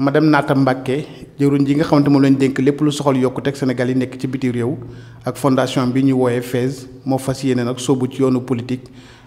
madame nata Mbacke jeurun ji nga xamante mo lañ dénk lépp lu soxal yokkuteeg Sénégal yi nek ci biti rew ak fondation bi ñu woyé FAISE mo fas nak sobu ci yoonu politique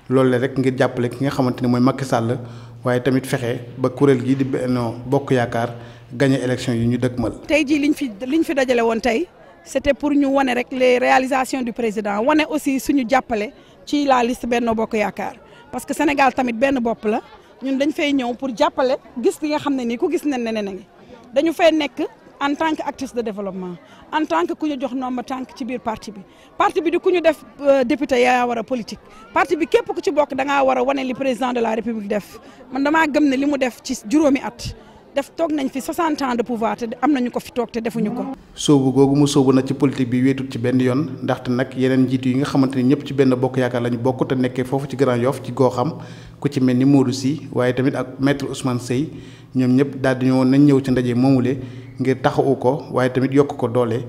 loolu rek ngir jappalé ki nga xamante ne Macky Sall waaye tamit fexé ba kurel gi di Benno Bokk yaakar gagner élection yi ñu dëkkmal. tay ji liñ fi liñ fi dajalé won tay c'était pour ñu woné rek les réalisations du président woné aussi suñu jappalé ci la liste Benno Bokk yaakar parce que Sénégal tamit benn bop la. ñun dañ fay ñëw pour jàppale gis li nga xam ne nii ku gis ne ne ne ngi dañu fay nekk en tant que actrice de développement en tant que ku ñu jox nomba tànk ci biir parti bi parti bi di ku ñu def euh, député yaa war a politique parti bi képp ku ci bokk da ngaa war a wane li président de la république def man damaa gëm ne li mu def ci juróomi at def toog nañ fi 60 ans de pouvoir te am nañu ko fi toog te defuñu ko. soobu googu mu soobu nag ci politique bi wéetut ci benn yoon ndaxte nag yeneen njiitu yi nga xamante ni ñëpp ci benn bokk yaakaar lañu bokk te nekkee foofu ci Grand Yoff ci Goxam ku ci mel ni Modou Sy waaye tamit ak maître Ousmane Seye ñoom ñëpp daal di ñëwoon nañ ñëw ci ndaje moomule ngir taxawu ko waaye tamit yokk ko doole.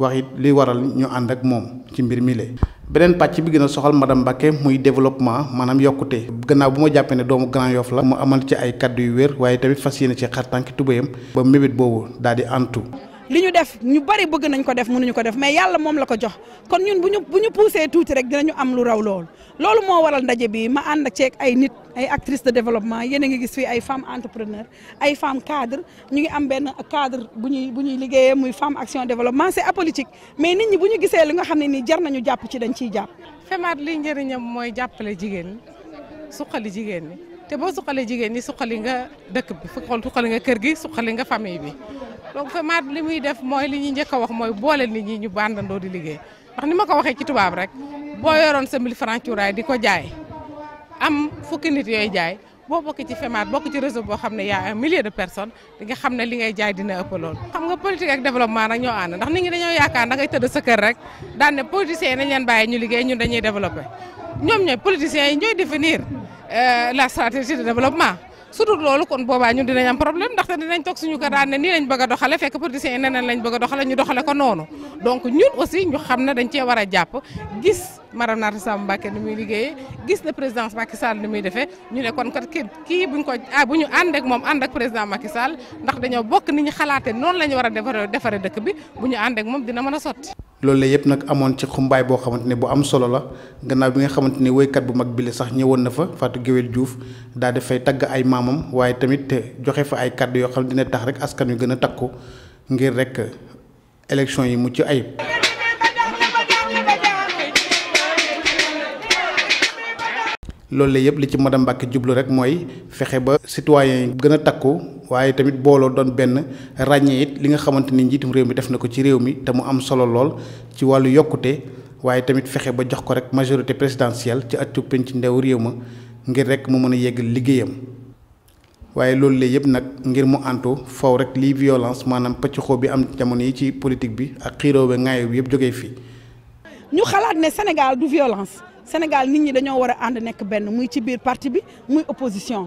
wax it li waral ñu ànd ak moom ci mbir mi lee beneen pàcc bi gën a soxal madame Mbacké muy développement maanaam yokkute gannaaw bu ma jàppee ne doomu Grand Yoff la mu amal ci ay kàddu yu wér waaye tamit fas yéene ci xar tànki tubéyam ba mébét boobu daal di antu li ñu def ñu bari bëgg nañ ko def mënuñu ko def mais yàlla moom la ko jox kon ñun bu ñu bu ñu poussé tuuti rek dinañu am lu raw loolu loolu moo waral ndaje bi ma ànd ak ceeg ay nit ay actrices de développement yéen a ngi gis fii ay femmes entrepreneurs ay femmes cadres ñu ngi am benn cadre bu ñu bu ñuy liggéeyee muy femme action développement c'est apolitique mais nit ñi bu ñu gisee li nga xam ne ni jar nañu jàpp ci dañ ciy jàpp. femat li njëriñam mooy jàppale jigéen ñi suqali jigéen ñi te boo suqalee jigéen ñi suqali nga dëkk bi suqali nga kër gi suqali nga famille bi. donc FEMAD li muy def mooy li ñu njëkk a wax mooy boole nit ñi ñu bandandoo di liggéey ndax ni ma ko waxee ci tubaab rek boo yoroon sa 1000 francs cuuraay di ko jaay am fukki nit yooyu jaay boo bokk ci FEMAD bokk ci réseau boo xam ne y a un millier de personnes di nga xam ne li nga jaay dina ëpp lool. xam nga politique ak développement nag ñoo ànd ndax nit ngi dañoo yaakaar da ngay tëdd sa kër rek daan ne politiciens yi nañ leen ñu liggéey ñun dañuy développé. ñoom ñooy politiciens yi ñooy définir euh, la stratégie de développement su loolu kon booba ñun dinañ am problème ndaxte dinañ toog suñu ko daan ne ni lañ bëgg a doxale fekk politiciens yi neneen lañ bëgg a doxale ñu doxale ko noonu donc ñun aussi ñu xam na dañ cee war a jàpp gis madame Nata Samb Mbacké ni muy liggéeyee gis na président Macky Sall ni defee ñu ne kon kat kii buñ ko ah, bu ñu ànd moom ànd président Macky Sall ndax dañoo bokk ni ñu xalaate noonu la ñu war a defaree defaree dëkk bi bu ñu ànd ak moom dina mën a sotti loolu la yëpp nag amoon ci xumbaay boo xamante ne bu am solo la gannaaw bi nga xamante ne bu mag bile sax ñëwoon na fa Fatou Guewel Diouf daal dafay tagg ay maamam waaye tamit joxe fa ay kàddu yoo xam dina tax rek askan wi gën a takku ngir rek élection yi mucc ayib. loolu la yëpp li ci madame Mbacke jublu rek mooy fexe ba citoyen yi gën a takku. waaye tamit booloo doon benn ràññee it li nga xamante ni njiitum réew mi def na ko ci réew mi te mu am solo lool ci wàllu yokkute waaye tamit fexe ba jox ko rek majorité présidentielle ci atu penc ndew réew ma ngir rek mu mën a yegg liggéeyam. waaye loolu léegi yëpp nag ngir mu àntu faw rek lii violence maanaam pëcc xoo bi am jamono yi ci politique bi ak xiiroo ba ŋaayoo bi yëpp jógee fii. ñu xalaat ne Sénégal du violence Sénégal nit ñi dañoo war a ànd nekk benn muy ci biir parti bi muy opposition.